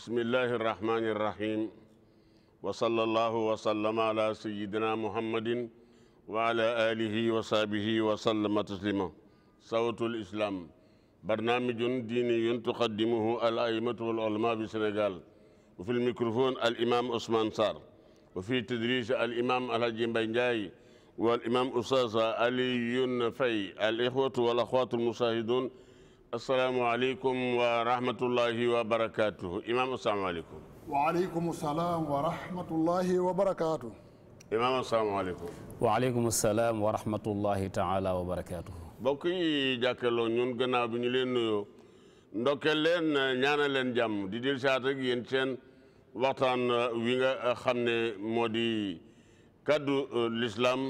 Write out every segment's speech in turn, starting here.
bismillahi irrahmani irrahim wa sallallahu wa sallama ala sayidina muhammadin wa ala alihi wa sahbihi wa sallama taslima sawatul islam barnaamijun diiniyun tuqaddimuhu al aimatu wal ulama bi sénégal wa fi lmicrophone al imam ousmane sarr wa fi tadris al imam alhaji mbay ndiaye wal imam oustaz aliyun fay al ixwatu wal axwatu almusaahidun asalaamualeykum wa rahmatullahi wa barakaatu imaam asalaamualeykum. waaleykum salaam wa rahmatullahi wa barakaatu. imaam asalaamualeykum. waaleykum salaam wa rahmatullahi taala wa barakaatu. mbokk yi jàkkaarloo ñun gannaaw bi ñu leen nuyoo ndokkeel leen ñaanal leen jàmm di dil saat ak yéen seen waxtaan wi nga xam ne moo di kaddu euh, l'islam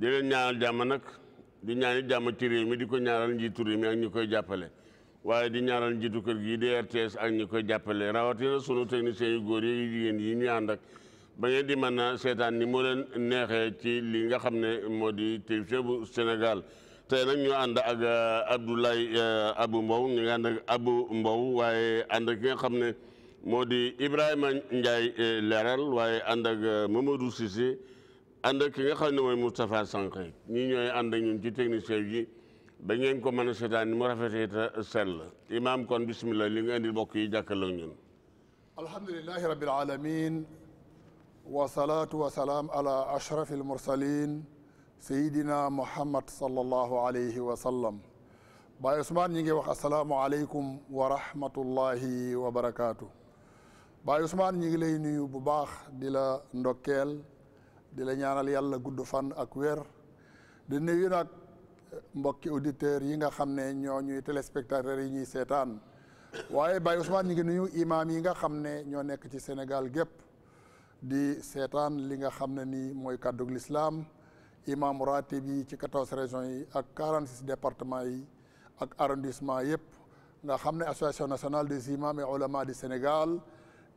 di leen ñaanal jàmm nag. di ñaani jàmm ci réew mi di ko ñaaral njiitu réew mi ak ñi koy jàppale waaye di ñaaral njiitu kër gi di RTS ak ñi koy jàppale rawatina sunu techniciens yu góor yi jigéen yi ñu ànd ak ba ngeen di mën seetaan ni moo leen neexee ci li nga xam ne moo di télévision bu Sénégal tey nag ñu ànd ak eh, Abdoulaye eh, abu Mbow ñu ngi ànd ak Abou Mbow waaye ànd ak nga xam ne moo di Ibrahima Ndiaye eh, leeral waaye ànd ak Mamadou Cissé ànd ki nga xam ne mooy Moustapha Sankhé ñii ñooy ànd ak ñun ci technicien ba ngeen ko mën a seetaan mu rafetee sell imaam kon bismillah li nga indil mbokk yi jàkkaarloo ñun alhamdulilahi rabbil alamin wa salaam ala ashraf almursalin sayidina muhammad sallallahu alayhi wa sallam Baay wax asalaamu aleykum wa rahmatullahi wa barakaatu Baay Ousmane ñi nuyu bu baax di la ndokkeel di la ñaanal yàlla gudd fan ak wér di nuyu nag eh, mbokki auditeurs yi nga xam ne ñoo ñuy téléspectateurs yi ñuy seetaan waaye Baye Ousmane ñu ngi nuyu imam yi nga xam ne ñoo nekk ci Sénégal gépp di seetaan li nga xam ne nii mooy kàddug lislaam imaam ratib yi ci quatorze régions yi ak quarante six départements yi ak arrondissement yëpp nga xam ne association nationale des imams et ulama du Sénégal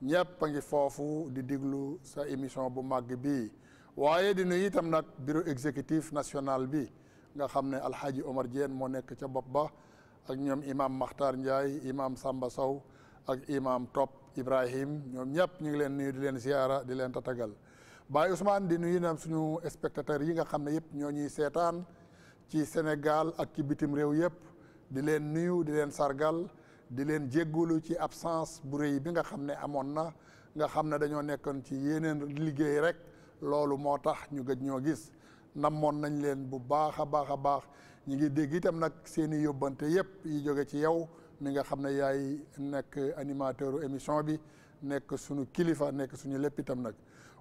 ñëpp a ngi foofu di diglu sa émission bu màgg bii waaye di nuyu itam nag bureau exécutif national bi nga xam ne Alhaji Omar Diène moo nekk ca bopp ba ak ñoom imaam Makhtar Ndiaye imaam Samba Sow ak imaam Top Ibrahim ñoom ñëpp ñu ngi leen nuyu di leen ziara di leen tatagal Baye Ousmane di nuyu nam suñu spectateurs yi nga xam ne yëpp ñoo ñuy seetaan ci Sénégal ak ci bitim réew yëpp di leen nuyu di leen sargal di leen jéggulu ci absence bu rëy bi nga xam ne amoon na nga xam ne dañoo nekkoon ci yeneen liggéey rek loolu moo tax ñu gëj ñoo gis namoon nañ leen bu baax a baax a baax ñu ngi dégg itam nag seen i yóbbante yëpp yi jóge ci yow mi nga xam ne yaay nekk animateur émission bi nekk suñu kilifa nekk suñu lépp itam nag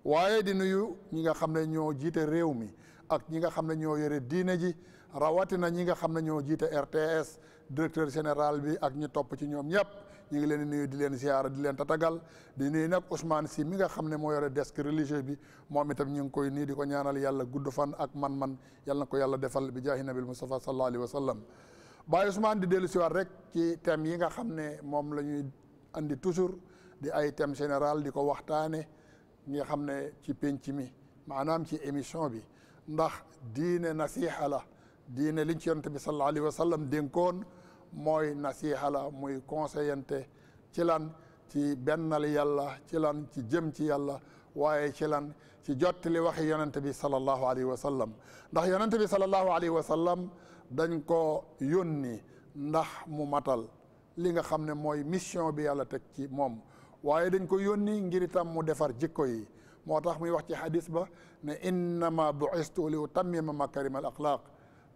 waaye di nuyu ñi nga xam ne ñoo jiite réew mi ak ñi nga xam ne ñoo yore diine ji rawatina ñi nga xam ne ñoo jiite RTS directeur général bi ak ñu topp ci ñoom ñëpp ñu ngi leen di di leen ziara di leen tatagal di nuyu nag Ousmane Sy mi nga xam ne moo yore desk religieux bi moom itam ñu ngi koy nii di ko ñaanal yàlla gudd fan ak man-man yàlla na ko yàlla defal bi jaahi nabil Mustafa sallallahu alayhi wa sallam Baye Ousmane di dellu siwaat rek ci thèmes yi nga xam ne moom la ñuy andi toujours di ay thème général di ko waxtaane nga xam ne ci pénc mi maanaam ci émission bi ndax diine nasiha la diine liñ ci yonent bi sallallahu alayhi wa sallam dénkoon mooy nasiha la muy conseillante ci lan ci bennal yàlla ci lan ci jëm ci yàlla waaye ci lan ci jottali waxi yonente bi sallallahu alayhi wa ndax yonente bi sallallahu alayhi wa sallam dañ ko yónni ndax mu matal li nga xam ne mooy mission bi yàlla teg ci moom waaye dañ ko yónni ngir tam mu defar jikko yi moo tax muy wax ci xadis ba ne innama bu'istu li utammima makarim al axlaq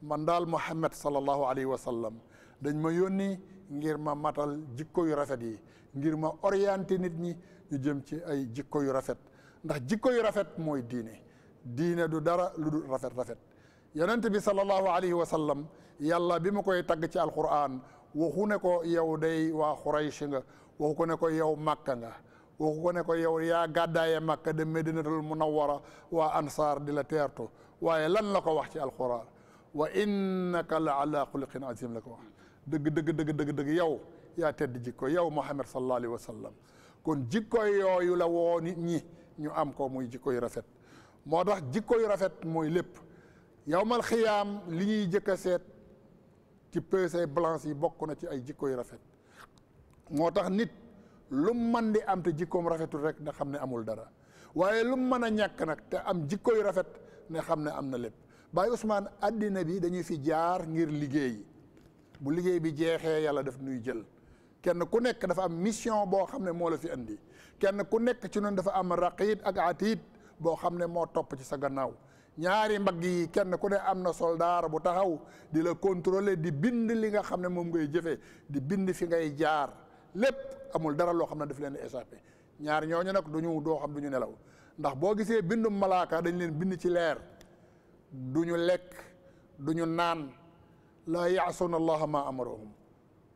man daal muhammad sallallahu alayhi wa sallam dañ ma yónni ngir ma matal jikko yu rafet yi ngir ma oriente nit ñi ñu jëm ci ay jikko yu rafet ndax jikko yu rafet mooy diine diine du dara lu dul rafet rafet yonent bi sallallahu alayhi wa sallam yàlla bi ma koy tagg ci alquran waxu ne ko yow day waa xuraysh nga waxu ko ne ko yow màkka nga waxu ko ne ko yow yaa gàddaaye màkka de medinatul munawwara waa ansaar di la teertu waaye lan la ko wax ci alquran wa innaka la ala xuluqin azim la ko dëgg dëgg dëgg dëgg dëgg yow yaa tedd jikko yow Muhammad sallallahu alayhi wa sallam kon jikko yooyu la woo nit ñi ñu am ko muy jikko yu rafet moo tax jikko yu rafet mooy lépp yawmal xiyaam li ñuy jëkk a seet ci peese balance yi bokk na ci ay jikko yu rafet moo tax nit lu man di am te jikkoom rafetul rek nga xam ne amul dara waaye mën a ñàkk nag am jikko yu rafet ne xam ne am na lépp Baye Ousmane àddina bi dañuy fi jaar ngir liggéeyi bu liggéey bi jeexee yàlla daf nuy jël kenn ku nekk dafa am mission boo xam ne moo la fi andi kenn ku nekk ci noonu dafa am raqib ak atid boo xam ne moo topp ci sa gannaaw ñaari mbagg yi kenn ku ne am na soldaar bu taxaw di la contrôler di bind li nga xam ne moom ngay jëfe di bind fi ngay jaar lépp amul dara loo xam ne daf leen échappé ñaar ñooñu nag du ñu doo xam du ñu nelaw ndax boo gisee bindum malaaka dañ leen bind ci leer du ñu lekk du naan laa yaasuna allaha ma amarahum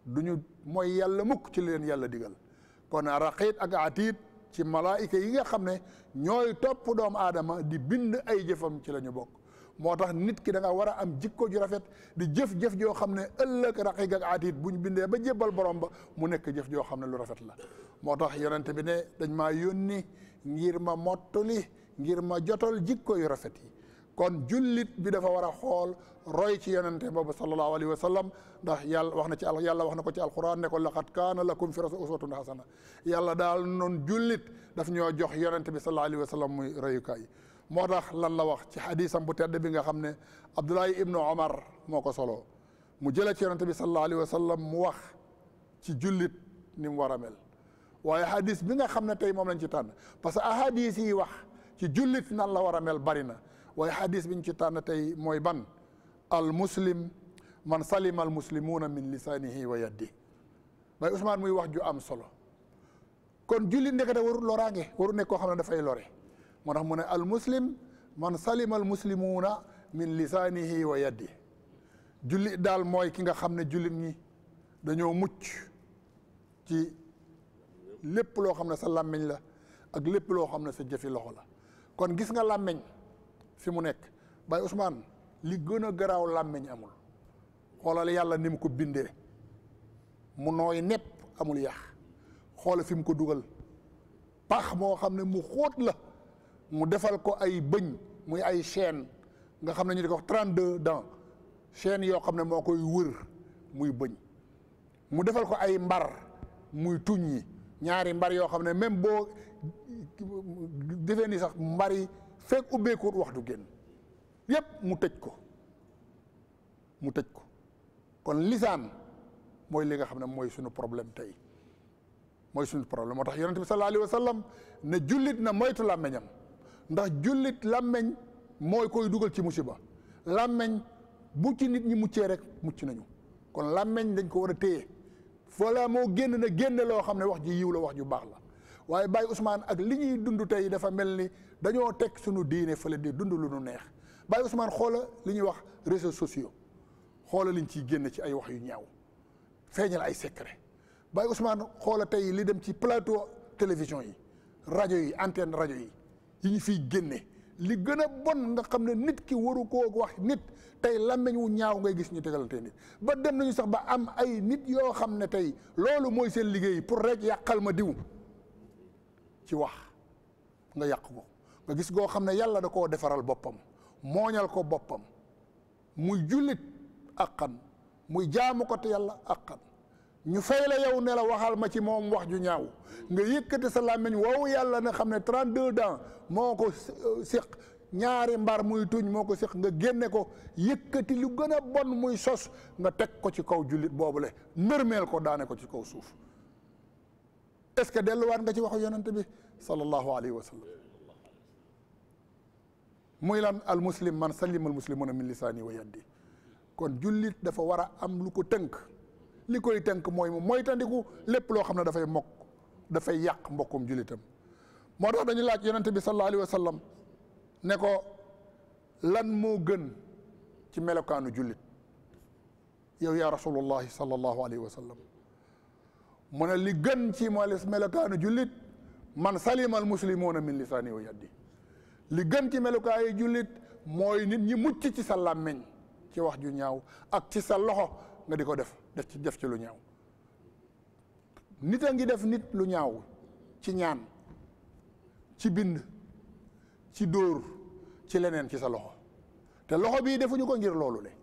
du ñu mooy yàlla mukk ci leen yàlla digal kon raqiit ak atiit ci malaayika yi nga xam ne ñooy topp doomu aadama di bind ay jëfam ci lañu bokk moo tax nit ki danga war a am jikko ju rafet di jëf-jëf joo xam ne ëllëg raqiq ak atiit bu ñu bindee ba jébbal borom ba mu nekk jëf joo xam ne lu rafet la moo tax yonente bi ne dañ maa yónni ngir ma mottali ngir ma jotal jikko yu rafet yi kon jullit bi dafa war a xool roy ci yonente boobu sallallahu alayhi wa sallam ndax yàlla wax na ci al yàlla wax na ko ci alquran ne ko laqad kaana lakum fi rasul uswatun na yàlla daal noon jullit daf ñoo jox yonente bi sallallahu alayhi wa sallam muy royukaay moo tax lan la wax ci xadisam bu tedd bi nga xam ne abdullahi ibnu omar moo ko solo mu jëlee ci yonente bi sallallahu alayhi wa sallam mu wax ci jullit ni mu war a mel waaye hadis bi nga xam ne tey moom lañ ci tànn parce que ahadis yi wax ci jullit nan la war a mel bari na waaye bi ñu ci tànn tey mooy ban al muslim man salima al muslimuuna min lisaanihi wa yaddi bay Ousmane muy wax ju am solo kon julli ndekete waru loraange waru nekk koo xam ne dafay lore moo tax mu ne al muslim man salima al muslimuuna min lisaanihi wa yaddi julli daal mooy ki nga xam ne jullit ñi dañoo mucc ci lépp loo xam ne sa làmmiñ la ak lépp loo xam ne sa jëfi loxo la kon gis nga làmmiñ fi mu nekk Baye Ousmane li gën a garaaw làmmiñ amul xoolal yàlla ni mu ko bindee mu nooy nepp amul yax xoola fi mu ko dugal pax moo xam ne mu xóot la mu defal ko ay bëñ muy ay chaîne nga xam ne ñu di ko wax trente-deux dents chaîne yoo xam ne moo koy wër muy bëñ mu defal ko ay mbar muy tuñ yi ñaari mbar yoo xam ne même boo defee ni sax mbari fekk ubbeekuut wax du génn yépp mu tëj ko mu tëj ko kon lisaan mooy li nga xam ne mooy suñu problème tey mooy suñu problème moo tax yonent bi sallallahu alayhi wa ne jullit na moytu làmmeñam ndax jullit làmmeñ mooy koy dugal ci musiba làmmeñ bu ci nit ñi muccee rek mucc nañu kon làmmeñ dañ ko war a téye foo la moo génn na génne loo xam ne wax ji yiw la wax ju baax la waaye Baye Ousmane ak li ñuy dund tey dafa mel ni dañoo teg suñu diine fale di dund lu nu neex Baye Ousmane xoola li ñuy wax réseaux sociaux xoola liñ ciy génne ci ay wax yu ñaaw feeñal ay secret Baye Ousmane xoola tey li dem ci plateau télévision yi rajo yi antenne rajo yi yi ñu fiy génne li gën a bon nga xam ne nit ki waru koo wax nit tey làmmiñ wu ñaaw ngay gis ñu tegalante nit ba dem nañu sax ba am ay nit yoo xam ne tey loolu mooy seen liggéey pour rek yàqal ma diw ci wax nga yàq ko nga gis goo xam ne yàlla da koo defaral boppam mooñal ko boppam muy jullit àqan muy jaamu ko te yàlla àqan ñu fay la yow ne la waxal ma ci moom wax ju ñaaw nga yëkkati sa làmmiñ woowu yàlla ne xam ne 32 dents moo ko euh, séq ñaari mbar muy tuñ moo ko séq nga génne ko yëkkati lu gën a bon muy sos nga teg ko ci kaw jullit boobu boobule nërmeel ko daane ko ci kaw suuf est-ce que delluwaat nga ci waxu yonent bi sallallahu alayhi wa sallam muy lan al muslim man salima al muslimuna min lisaani wa yaddi kon jullit dafa war a am lu ko tënk li koy tënk mooy mu moytandiku lépp loo xam ne dafay mokk dafay yàq mbokkum jullitam moo tax dañu laaj yonent bi sallallahu alayhi wa sallam ne ko lan moo gën ci melokaanu jullit yow yaa rasulullahi sallallahu alayhi wa mu ne li gën ci malis melokaanu jullit man salimal muslimuna min lisaani wa yaddi li gën ci melokaayu jullit mooy nit ñi mucc ci sa làmmiñ ci wax ju ñaaw ak ci sa loxo nga di ko def def ci def ci lu ñaaw nit a ngi def nit lu ñaaw ci ñaan ci bind ci dóor ci leneen ci sa loxo te loxo bii defuñu ko ngir loolu le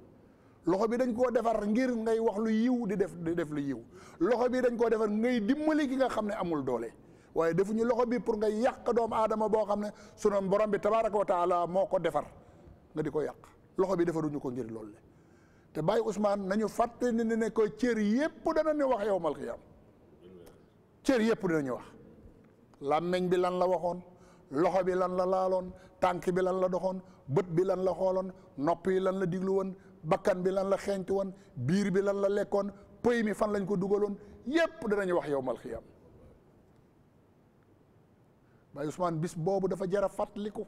loxo bi dañ koo defar ngir ngay wax lu yiw di def di def lu yiw loxo bii dañ koo defar ngay dimbali ki nga xam ne amul doole waaye defuñu loxo bi pour nga yàq doomu aadama boo xam ne sunu borom bi tabaaraka wa taala moo ko defar nga di ko yàq loxo bi defaruñu ko ngir loolu la te Baye Ousmane nañu fàtte ne ne ko cër yépp dana ñu wax yow mal xiyaam cër yépp dinañu wax làmmeñ bi lan la waxoon loxo bi lan la laaloon tànk bi lan la doxoon bët bi lan la xooloon nopp yi lan la diglu woon bakkan bi lan la xeeñtu woon biir bi lan la lekkoon pëy mi fan lañ ko dugaloon yépp danañu wax yow mal am Baay Usmaan bis boobu dafa jar a fàttaliku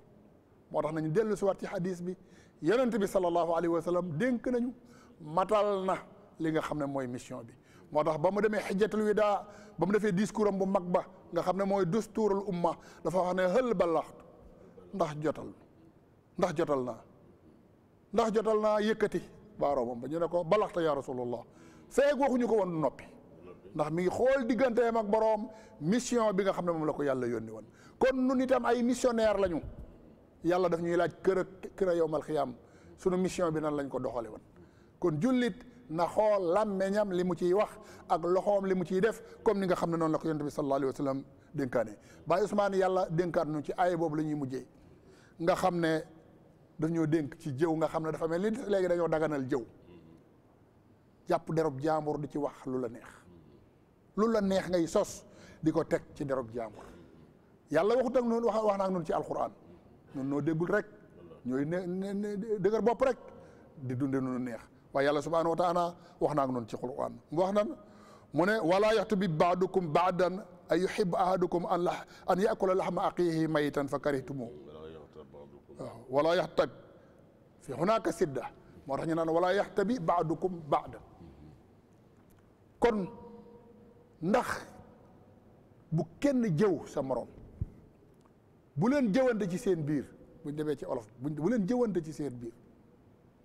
moo tax nañu dellu si waat ci hadis bi yonent bi sallallahu alayhi wa sallam dénk nañu matal na li nga xam ne mooy mission bi moo tax ba mu demee wi daa ba mu defee discours am bu mag ba nga xam ne mooy dusturul umma dafa wax ne hël ballaxtu ndax jotal ndax jotal naa ndax jotal naa yëkkati baaroomam ba ñu ne ko balaxta ya rasulullah feeg waxuñu ko woon noppi ndax mi ngi xool digganteem ak boroom mission bi nga xam ne moom la ko yàlla yónni woon kon nun itam ay missionnaire lañu yàlla daf ñuy laaj kër ak kër a yowmal sunu mission bi nan lañ ko doxale woon kon jullit na xool làmmeñam li mu ciy wax ak loxoom li mu ciy def comme ni nga xam ne noonu la ko yonent bi sallallahu alayhi wa sallam dénkaane Baay Usmaan yàlla dénkaat nu ci aaya boobu la ñuy mujjee nga xam ne daf ñoo dénk ci jëw nga xam ne dafa mel ni léegi dañoo daganal jëw jàpp derob jaambur di ci wax lu la neex lu la neex ngay sos di ko teg ci derob jaambur yàlla waxut ak noonu wax wax naa ak ci alxuraan noonu noo déggul rek ñooy ne bopp rek di dunde noonu neex waaye yàlla subhaanahu wa taala wax naa ak noonu ci alxuraan mu wax nan mu ne walaa yaxtu bi baadukum baadan ay yuhibbu ahadukum an la an yakula laxma aqihi maytan fa karihtumu waaw wala yaxtabi fi hunaaka sidda moo tax ñu naan wala yaxtabi baadukum baada kon ndax bu kenn jëw sa moroom bu leen jëwante ci seen biir buñ demee ci olof bu leen jëwante ci seen biir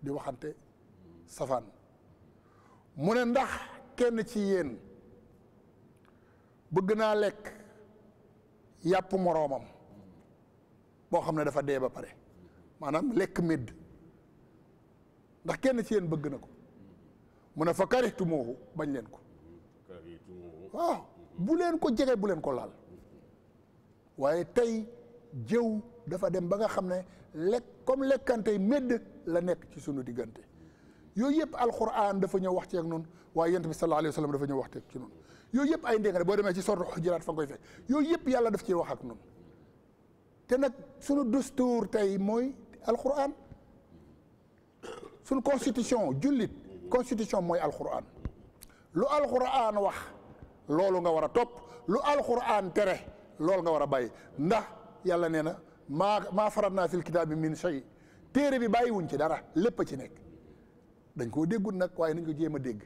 di waxante safaan mu ne ndax kenn ci yéen bëgg naa lekk yàpp moroomam boo xam ne dafa dee ba pare maanaam lekk médd ndax kenn ci yéen bëgg na ko mu ne fa karixtu mooxu bañ leen ko waaw bu leen ko jege bu leen ko laal waaye tey jëw dafa dem ba nga xam ne lekk comme lekkante médd la nekk ci sunu diggante yooyu yëpp alquran dafa ñëw wax ci ak noonu waaye yent bi sallallahu alayhi dafa ñëw wax ci ak noonu yooyu yëpp ay ndéngale boo demee ci sortu xujuraat fa nga yooyu yëpp yàlla daf ciy wax ak noonu te nag sunu dustuur tey mooy alxuraan suñ constitution jullit constitution mooy alxuraan lu alxuraan wax loolu nga war a topp lu alxuraan tere loolu nga war a bàyyi ndax yàlla nee na maa maa farat naa fil kitaab bi min shay téere bi bàyyiwuñ ci dara lépp ci nekk dañ koo déggul nag waaye nañ ko jéem a dégg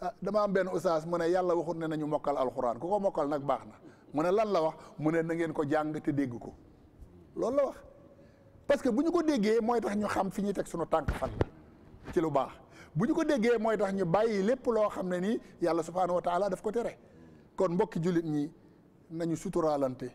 ah dama am benn ustaas mu ne yàlla waxut ne nañu mokkal alxuraan ku ko mokkal nag baax na mu ne lan la wax mu ne na ngeen ko jàng te dégg ko loolu la wax parce que bu ñu ko déggee mooy tax ñu xam fi ñuy teg sunu tànk fan la ci lu baax bu ñu ko déggee mooy tax ñu bàyyi lépp loo xam ne nii yàlla subhaanahu wa taala daf ko tere kon mbokki jullit ñi nañu suturaalante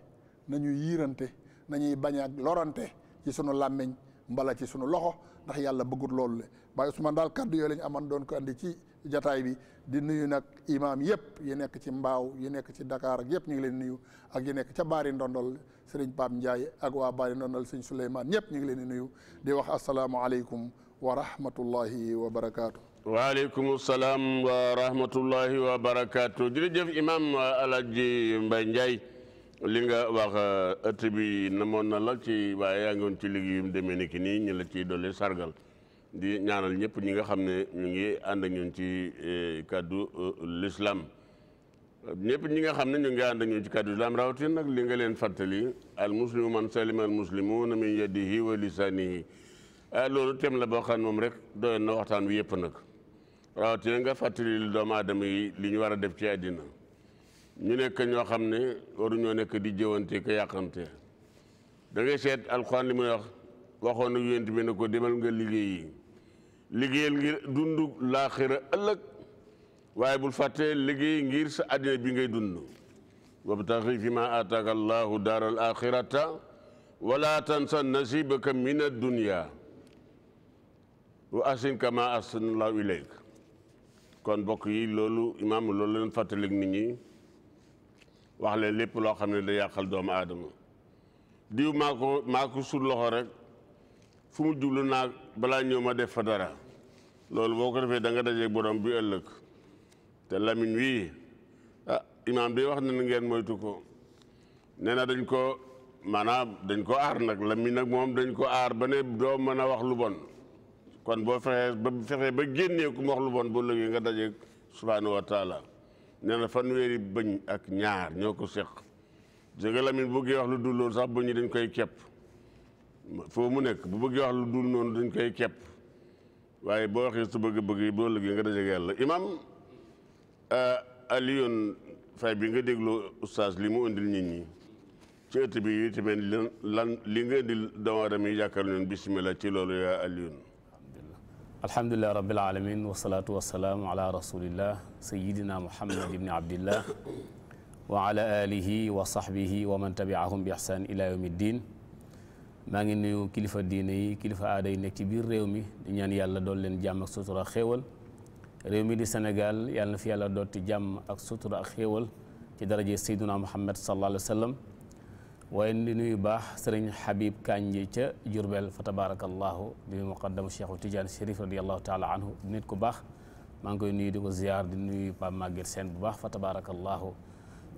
nañu yiirante nañuy bañ ak lorante ci sunu làmmiñ mbala ci sunu loxo ndax yàlla bëggut loolu le su Ousmane daal kàddu yooyu la ñu amoon doon ko andi ci jataay bi di nuyu nag imaam yëpp yi nekk ci mbaaw yi nekk ci dakaar ak yëpp ñu ngi leen nuyu ak yi nekk ca Baari Ndondol sëriñ Pape Ndiaye ak waa Baari Ndondol sëriñ Souleymane ñëpp ñu ngi leen di nuyu di wax asalaamualeykum wa rahmatullahi wa barakaatu. waaleykum salaam wa rahmatullahi wa barakaatu jërëjëf imaam Alaaji Mbaye Ndiaye li nga wax ëtt na moon na lal ci waaye yaa ngi woon ci liggéeyum demee ni ki nii ñu la ciy dolli sargal. di ñaanal ñëpp ñi nga xam ne ñu ngi ànd ak ñun ci eh, kàddu eh, l'islam ñëpp ñi nga xam ne ñu ngi ànd ak ci kàddu l'islam rawatin nag li nga leen fàttali al muslimu man salima al muslimuna min yadihi wa lisanihi ah, loolu tem la boo xam ne moom rek doy na waxtaan wi yëpp nag rawatin nga fàttali li doomu aadama yi li ñu war a def ci àddina ñu nekk ñoo xam ne waruñoo nekk di jëwante ko yàqante da ngay seet alxuraan li muy wax waxoon na yonent bi ne ko demal nga liggéeyi liggéeyal ngir dund laaxira ëllëg waaye bul fàttee liggéey ngir sa àddina bi ngay dund wabtaxi fi ma aataaka allahu daara al axirata wala tansa nasibaka min addunia wa ahsin yi loolu imaam loolu leen lépp loo xam ne da yàqal doomu aadama diw maa ko maa ko sur loxo rek fu mu jublu naa balaa ñëw ma def fa dara loolu boo ko defee da nga dajeeg bi ëllëg te lamin wii ah imaam bi wax na ngeen moytu ko nee na dañ ko maanaam dañ ko aar nag lamin nag moom dañ ko aar ba ne doo mën a wax lu bon kon boo fexee ba fexee ba génnee ku mu wax lu bon bu ëllëgee nga dajeeg subhaanahu wa taala nee na fanweeri bëñ ak ñaar ñoo ko seq jege lamin bu bëggee wax lu dul loolu sax bëñ yi dañ koy kepp foo mu nekk bu bëggee wax lu dul noonu dañ koy kepp waaye boo waxee su bëgg-bëgg yi boo liggéey nga dajeeg yàlla imam euh, Alioune Faye bi nga déglu oustaz li mu indil nit ñi ci ëtt bi yi tamit lan li nga indil doomu aadama yi jàkkaar leen bisimilah ci loolu yaa Alioune alhamdulilah rabbil alamin wasalaatu wasalaamu ala rasulillah sayidina muhammad ibni abdillah wa ala alihi wa sahbihi wa man tabiahum bi ihsan ila yawmi ddin maa ngi nuyu kilifa diine kilifa aada nekk ci biir réew mi di ñaan yàlla dool leen jàmm ak sutura ak xéewal réew di Sénégal yàlla na fi yàlla dooti jàmm ak sutura ak xéewal ci daraje sayduna muhammad sallallahu alayhi wa sallam waaye di nuyu baax sëriñ Habib Kanje ca Jurbel fa tabarakallahu di muqaddamu Cheikhu Tidiane Chérif radiallahu taala anhu di nit ku baax maa ngi koy nuyu di di nuyu Pape Maguette Sène bu baax fa tabarakallahu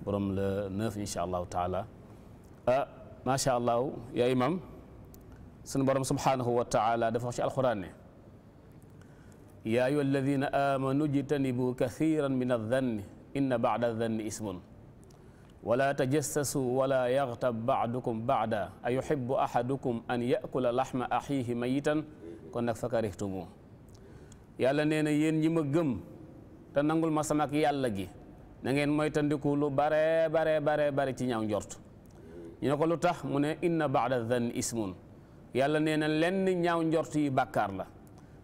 borom la neuf incha allahu taala ah macha allah imam sunu borom subhaanahu wa taala dafa wax ci alxuraan ne yaa ayyuha alladina amanu jtanibu kathiran min aldanni inna bada aldanni ismun wala tajassasu wala yaxtab baadukum baada a an yakula laxma axiihi mayitan kon nag fakarihtumu yàlla nee na yéen ñi ma gëm te nangul ma sama ak yàlla gi na ngeen moytandiku lu bare bare bare bare ci ñaaw njort ñu lu tax mu ne inna baada zanni ismun yàlla nee na lenn ñaaw njort yi bàkkaar la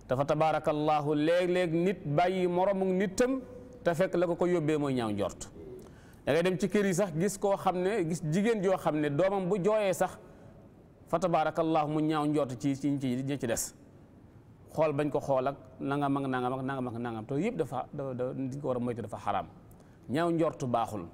dafa tabaarakallaahu léeg-léeg nit bàyyi moromu nitam te fekk la ko ko yóbbee mooy ñaaw njort da dem ci kër yi sax gis koo xam ne gis jigéen joo xam ne doomam bu jooyee sax fa tabaarakallaahu mu ñaaw njort ci ci ñi ci des xool bañ ko xool ak nangam ak nangam ak nangam ak nangam yëpp dafa dañ ko war a moytu dafa xaraam ñaaw njort baaxul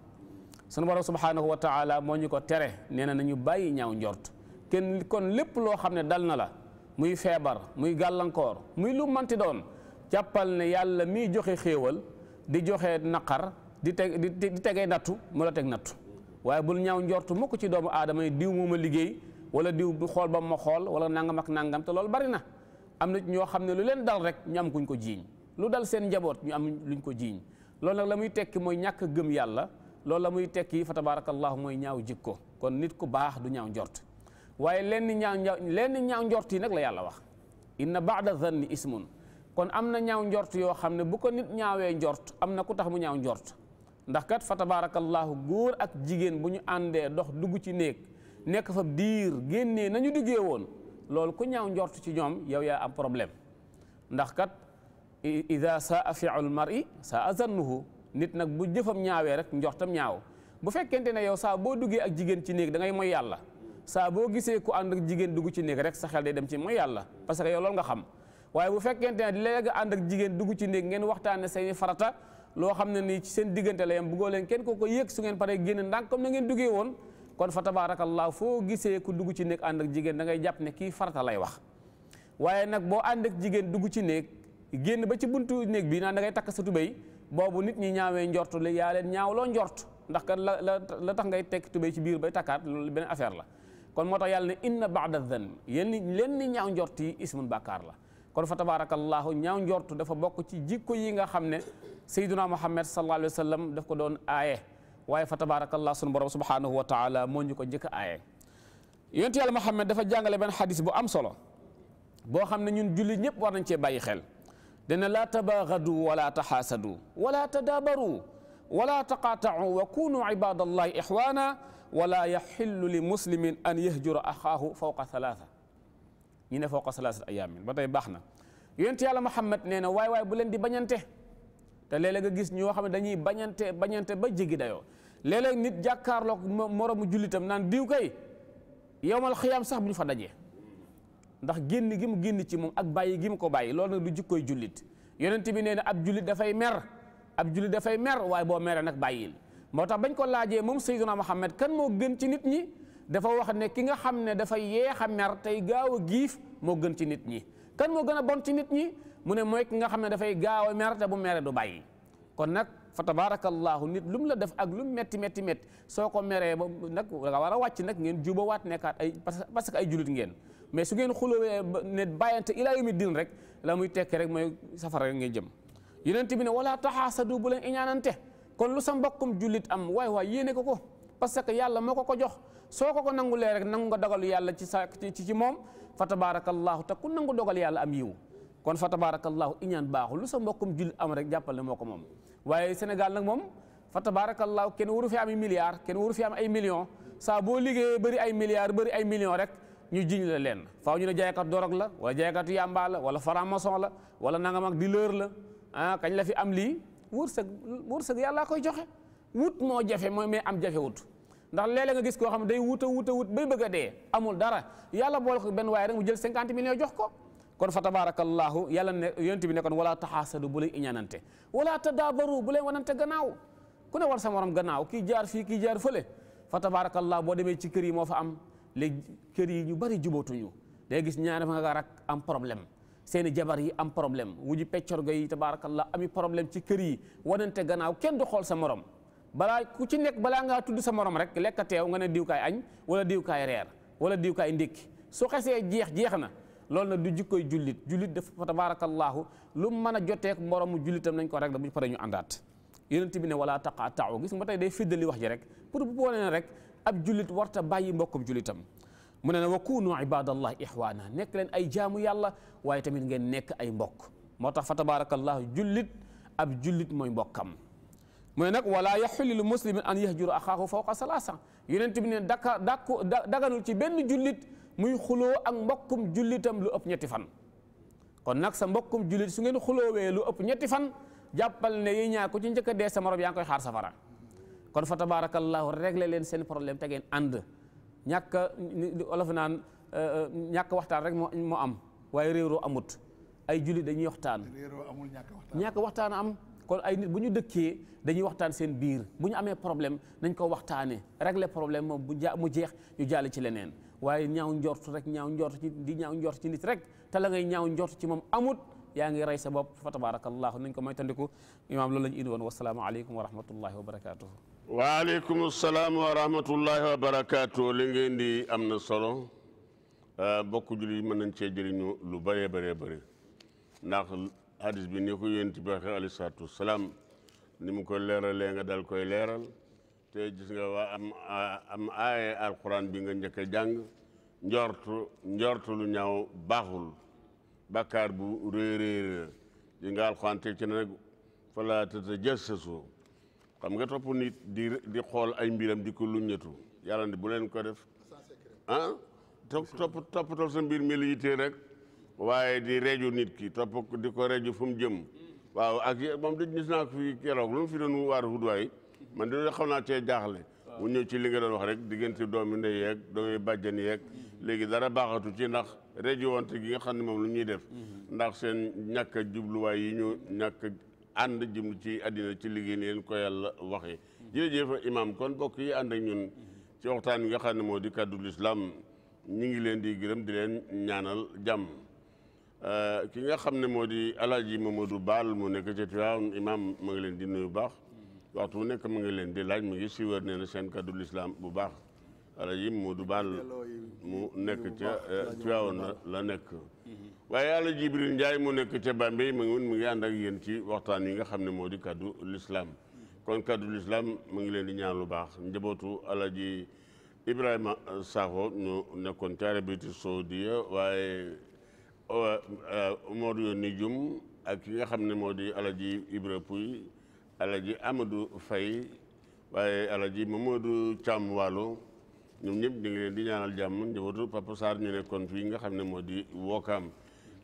sunu borom subhaanahu wa taala moo ñu ko tere nee nañu bàyyi ñaaw njort kenn kon lépp loo xam ne dal na la muy feebar muy gàllankoor muy lu manti doon jàppal ne yàlla muy joxe xéewal di joxe naqar di teg di tegee nattu mu la teg nattu waaye bul ñaaw njortu mukk ci doomu aadama yi diw mooma liggéey wala diw bu xool ba ma xool wala nangam ak nangam te loolu bari na am na ñoo xam ne lu leen dal rek ñu am kuñ ko jiiñ lu dal seen njaboot ñu am luñ ko jiiñ loolu nag la muy tekki mooy ñàkk gëm yàlla loolu la muy tekki fa tabarakallahu mooy ñaaw jikko kon nit ku baax du ñaaw njort waaye lenn ñaaw lenn ñaaw njort yi nag la yàlla wax inna baada zanni ismun kon am na ñaaw njort yoo xam ne bu ko nit ñaawee njort am na ku tax mu ñaaw njort ndax kat fa tabaarakallaahu góor ak jigéen bu ñu àndee dox dugg ci néeg nekk fa diir génnee nañu duggee woon loolu ku ñaaw njort ci ñoom yow yaa am problème ndax kat ida saa fi'lul mar'i saa zannuhu nit nag bu jëfam ñaawee rek njortam ñaaw bu fekkente ne yow saa boo duggee ak jigéen ci néeg da ngay mooy yàlla saa boo gisee ku ànd ak jigéen dugg ci néeg rek sa xel day dem ci mooy yàlla parce que yow loolu nga xam waaye bu fekkente ne léegi ànd ak jigéen dugg ci néeg ngeen waxtaane seeni farata loo xam ne nii ci seen diggante la yam buggoo leen kenn ko ko yëg su ngeen paree génn ndànk comme na ngeen duggee woon kon fa foo gisee ku dugg ci néeg ànd ak jigéen da ngay jàpp ne kii farata lay wax waaye nag boo ànd ak jigéen dugg ci néeg génn ba ci buntu néeg bii naan da takk sa tubéy boobu nit ñi ñaawee njort la yaa leen ñaaw loo njort ndax kan la la tax ngay tekk tubéy ci biir ba takkaat loolu beneen affaire la kon moo tax yàlla ne inna baada zann yéen ni leen ni ñaaw njort yi ismun bàkkaar la kon fa tabaarakallaahu ñaaw njort dafa bokk ci jikko yi nga xam ne sayduna muhammad sallallahu alayhi wa sallam daf ko subhanahu wa moo ñu ko njëkk a aaye yontu yàlla muhammad dafa jàngale benn xadis bo am solo boo xam ne ñun jullit ñëpp war nañ cee bàyyi xel dana laa tabaagadu wala taxaasadu wala tadaabaru wala taqaatau wa kunu ibadallahi ixwaana wala yaxillu li muslimin an yahjura axaahu fawqa salaasa ñu ne fawqa salaasa ayaamin ba tay baax na yonent yàlla Muhammad nee na waay waay bu leen di bañante te léeg nga gis ñoo xam ne dañuy bañante bañante ba jéggi dayoo léeg-léeg nit jàkkaarloog moromu jullitam naan diw kay yowmal xiyaam sax bu ñu fa dajee ndax génn gi mu génn ci moom ak bàyyi gi mu ko bàyyi loolu nag du jikkooy jullit yonent bi nee na ab jullit dafay mer ab jullit dafay mer waay boo meree nag bàyyil moo tax bañ ko laajee moom Seydina Muhammad kan moo gën ci nit ñi dafa wax ne ki nga xam ne dafa yeex a mer tey gaaw a giif moo gën ci nit ñi kan moo gën a bon ci nit ñi mu ne mooy ki nga xam ne dafay gaaw a mer bu mere du bàyyi kon nag fa tabaarakallaahu nit lu mu la def ak lu mu metti metti metti soo ko meree ba nag nga war a wàcc nag ngeen jubawaat nekkaat ay parce que ay julit ngeen mais su ngeen xulóowee ne bàyyante ilaa yawmi din rek la muy tekki rek mooy safara ngeen jëm yonent bi ne wala taxaasadu bu leen iñaanante kon lu sa mbokkum jullit am waay waay yéene ko ko parce que yàlla moo ko ko jox soo ko ko nangulee rek nangu nga dogalu yàlla ci sa ci ci moom fa tabaarakallaahu te ku nangu dogal yàlla am yiw kon fa tabaarakallaahu iñaan baaxu lu sa mbokkum jullit am rek jàppale moo ko moom waaye Sénégal nag moom fa tabaarakallaahu kenn waru fi am milliard kenn waru fi am ay million saa boo liggéeyee bëri ay milliards bëri ay millions rek ñu jiñ la leen faaw ñu ne jaaykat la wala jaaykatu yàmbaa la wala franc la wala nangam ak dealer la ah kañ la fi am lii sëg wërsëg sëg yàllaa koy joxe wut moo jafe mooy mais am jafe wut ndax léeg-léeg nga gis koo xam ne day wuta a wut a wut bay bëgg dee amul dara yàlla boole ko benn waaye rek mu jël cinquante millions jox ko kon fa tabarakallahu yàlla ne yonent bi ne kon wala taxaasadu bu leen iñaanante wala tadaabaru bu leen wanante gannaaw ku ne war sa morom gannaaw kii jaar fii kii jaar fële fa tabarakallahu boo demee ci kër yi moo fa am léegi kër yi ñu bari jubootuñu day gis ñaari fa nga rak am problème seeni jabar yi am problème wuji peccorgo yi tabaarakallah ami problème ci kër yi wanante gannaaw kenn du xool sa morom balaa ku ci nekk balaa ngaa tudd sa morom rek lekk teew nga ne diwkaay añ wala diwkaay reer wala diwkaay ndékki su xesee jeex jeex na loolu nag du jikkoy jullit jullit dafa fa tabaarakallaahu lu mën a joteek moromu jullitam nañ ko rek da pare ñu paree ñu àndaat yonent bi ne wala taqaa taaw gis nga ba tey day fiddali wax ji rek pour bu wane ne rek ab jullit bàyyi mbokkum jullitam mu ne ne wa kunu ibadallah ixwaana nekk leen ay jaamu yàlla waaye tamit ngeen nekk ay mbokk moo tax fa tabaarakallahu jullit ab jullit mooy mbokkam mu ne nag wala yaxullu li muslimin an yahjura axaahu fawqa salaasa yonent bi ci benn jullit muy xuloo ak mbokkum jullitam lu ëpp ñetti fan kon nag sa mbokkum jullit su ngeen xuloowee lu ëpp ñetti fan jàppal ne yi ñaa ci njëkk a dee sa morom yaa ngi koy xaar safara kon fa tabaarakallahu réglé leen seen problème te ngeen ànd ñàkk olof naan euh, euh, ñàkk waxtaan rek moo am waaye réeroo amut ay jullit dañuy waxtaan. amul ñàkk waxtaan ñàkk waxtaan am. kon ay nit bu ñu dëkkee dañuy waxtaan seen biir bu ñu amee problème nañ ko waxtaanee régler problème moom bu ja mu jeex ñu jàll ci leneen waaye ñaaw njort rek ñaaw njort ci di ñaaw njort ci nit rek te la ngay ñaaw njort ci moom amut yaa ngi rey sa bopp fa tabarakallahu nañ ko moytandiku imaam loolu la ñu indi woon wasalaamu aleykum wa rahmatullahi wa barakaatuhu waaleykum salaam wa rahmatullahi wa barakaatu li ngeen di am na solo euh, bokk jullit mën nañ cee jëriñu lu bëree bëree bëri ndax hadis bi ni ko yonent bi waxee alayhi wa salaam ni mu ko leeralee nga dal koy leeral te gis nga waa am am aaye alquran bi nga njëkk a jàng njortu njortu lu ñaaw baaxul bakkaar bu réeréer yi nga alquran teg ci nag fa laa tajassasu xam nga topp nit di di xool ay mbiram di ko luññatu yàlla ne bu leen ko def ah topp toppatoo sa mbir mi lu yittee rek waaye di reju nit ki topp di ko reju fu mu jëm waaw ak moom da gis naa fi keroog lu mu fi doon waar hudwaay man de xam naa cee jaaxle mu ñëw ci li nga doon wax rek diggante doomi ndey yeeg doo bàjjan yeeg léegi dara baaxatu ci ndax reju wante gi nga xam ne moom lu ñuy def mm-hmm. ndax seen ñàkk a jubluwaay yi ñu ñàkk ànd jëm ci àddina ci liggéey ni koyal ko yàlla waxee jërëjëf imaam kon bokk yi ànd ak ñun ci waxtaan wi nga xam ne moo di kàddu lislaam ñu ngi leen di gërëm di leen ñaanal jàmm euh, ki nga xam ne moo di alaaji du Baal mu nekk ca Tiwaawan imaam ma ngi leen di nuyu baax waxtu bu nekk ma ngi leen di laaj mu ngi si wër nee na seen kàddu lislaam bu baax alaaji Modou Ball mu nekk ca Tiwaawan la nekk mm-hmm. waaye alaaji Jibril njaay mu nekk ca Bambey mu ngi mu ngi ànd ak yéen ci waxtaan yi nga xam ne moo di kaddu lislaam mm-hmm. kon kaddu l'islam mu ngi leen di ñaan lu baax njabootu alaaji Ibrahima Sakho ñu nekkoon ca Arabie Saoudia waaye uh, Omar Yoni Jum ak yi nga xam ne moo di alaaji Ibra Pouy alaaji amadu Faye waaye alaaji Mamadou Thiam Wallo ñoom ñëpp ñu ngi leen di ñaanal jàmm njabootu Papa Sarr ñu nekkoon fii nga xam ne moo di wookaam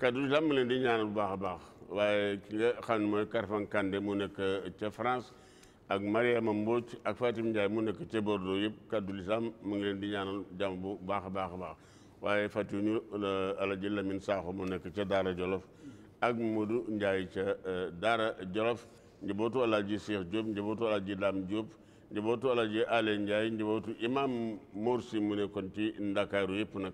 kaddu gi ma leen di ñaanal bu baax a baax waaye ki nga xam ne mooy Karfang Kande mu nekk ca France ak Mariama Mbodj ak Fatim Ndiaye mu nekk ca Bordeaux yëpp kaddu lislaam mu ngi leen di ñaanal jàmm bu baax a baax a baax waaye fàttiwu ñu Alaji Lamine Sakho mu nekk ca Daara Jolof ak Modou Ndiaye ca eh, Daara Jolof njabootu Alaji Cheikh Diop njabootu Alaji Dame jóob njabootu alaji ale Ndiaye njabootu imam Mor Sy mu ne kon ci ndakaaru yëpp nag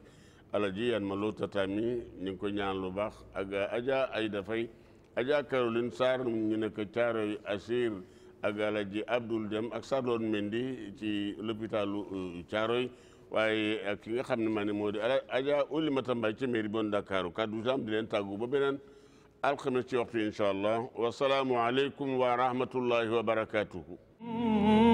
alaji yan ma loo tataami ñu ngi ko ñaan lu baax ak aja ay dafay aja Caroline Sarr ñu nekk Thiaroye Asir ak alaji Abdoul Dem ak Sarloon Mendy ci l'hôpitalu euh, Thiaroye waaye ak ki nga xam ne maa ne moo di aja Oulimata Mbaye ci mairie bon Ndakaaru kaddu sam di leen tàggu ba beneen alxames ci waxtu insha allah wasalaamu aleykum wa rahmatullahi wa barakatuhu